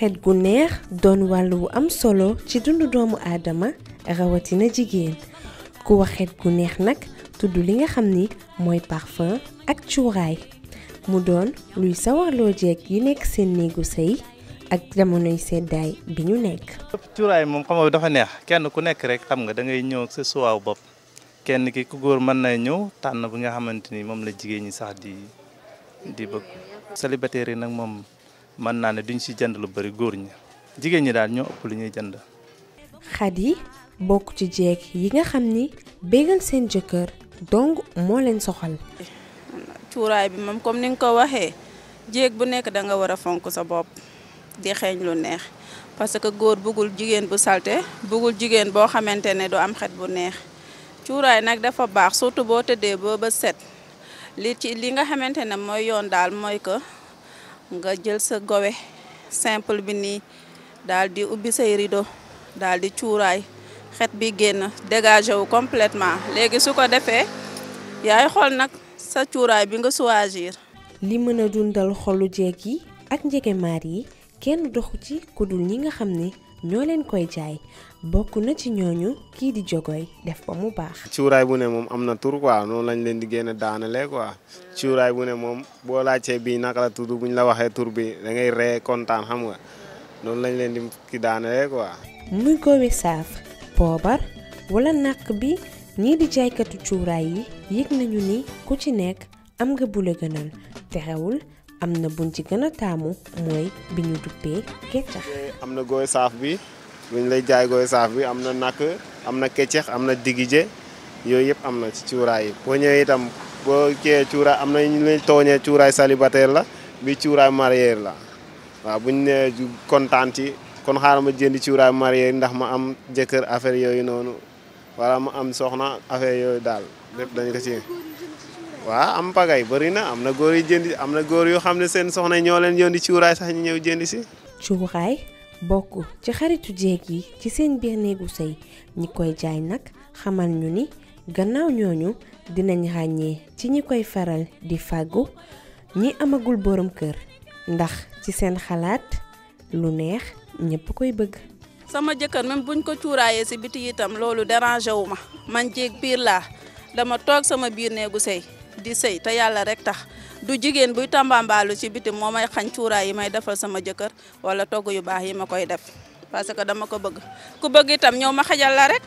xet gu neex doon wàll wu am solo ci dundu doomu aadama rawatina jigéen ku waxet gu neex nag tudd li nga xam ni mooy parfum ak cuuraay mu doon luy sawarloo jeeg yu nekk seen néegu sëy ak jamonoy seddaay bi ñu nekk. cuuraay moom xam dafa neex kenn ku nekk rek xam nga da ngay ñëw sa suwaaw bopp kenn ki ku góor mën na ñëw tànn bi nga xamante ni moom la jigéen ñi sax di di bëgg. célibataire yi nag moom. mën naa ne duñ si jënd lu bari góor ñi jigéen ñi daal ñoo ëpp lu ñuy jënd. xat yi bokk ci jeeg yi nga xam ni bégal seen jëkkër donc moo leen soxal. cuuraay bi moom comme ni nga ko waxee jéeg bu nekk da nga war a fonk sa bopp di xeeñ lu neex parce que góor bëggul jigéen bu salte bëggul jigéen boo xamante ne du am xet bu neex cuuraay nag dafa baax surtout boo tëddee boo ba set li ci li nga xamante ne mooy yoon daal mooy que. nga jël sa gowe simple bi nii daal di ubbi say rideau daal di cuuraay xet bi génn dégagé wu complètement léegi su ko defee yaay xool nag sa cuuraay bi nga choisir. li mën a dundal xolu jeeg yi ak njëgëmaar yi kenn doxu ci ku ñi nga xam ni ñoo leen koy jaay bokk na ci ñooñu kii di jogoy def ba mu baax. cuuraay bu ne moom am na tur quoi noonu lañ leen di génne daanale quoi cuuraay bu ne moom boo laajtee bii naka la tudd buñ la waxee tur bi da ngay ree kontaan xam nga noonu lañ leen di ki daanale quoi. muy góobe saaf poobar wala nàq bi ñii di jaaykatu cuuraay yi yëg nañu ni ku ci nekk am nga bu la gënal terewul. am na buñ ci gën taamu mooy bi ñu duppee keccax am na gooy saaf bi buñ lay jaay gooy saaf bi am na nakk am na keccax am na digije yooyu yëpp am na ci cuuraay yi boo itam boo cee cuuraay am na ñu leen tooñee cuuraay célibataire la bi cuuraay marié la waaw buñ ne kontaan ci kon xaaral ma jëndi cuuraay marié ndax ma am jëkkër affaire yooyu noonu wala ma am soxna affaire yooyu daal lépp dañ ko ci waaw am pagay bëri na am na góor yu jëndi am na góor yoo xam ne seen soxna ñoo leen yónni cuuraay sax ñu ñëw jëndi si. cuuraay bokk ci xaritu jéeg yi ci seen biir néegu sëy ñi koy jaay nag xamal ñu ni gannaaw ñooñu dinañ ràññee ci ñi koy faral di fàggu ñi amagul borom kër ndax ci seen xalaat lu neex ñépp koy bëgg. sama jëkkër même buñ ko cuuraayee si biti itam loolu dérangé wu ma man jeeg biir laa dama toog sama biir néegu sëy di sey te yalla rek tax du jigéen buy tambambaalu ci biti momay may xañ yi may defal sama jëkkër wala togu yu bax yi makoy def parce que dama ko bëgg ku bëgg itam ñow ma xajal la rek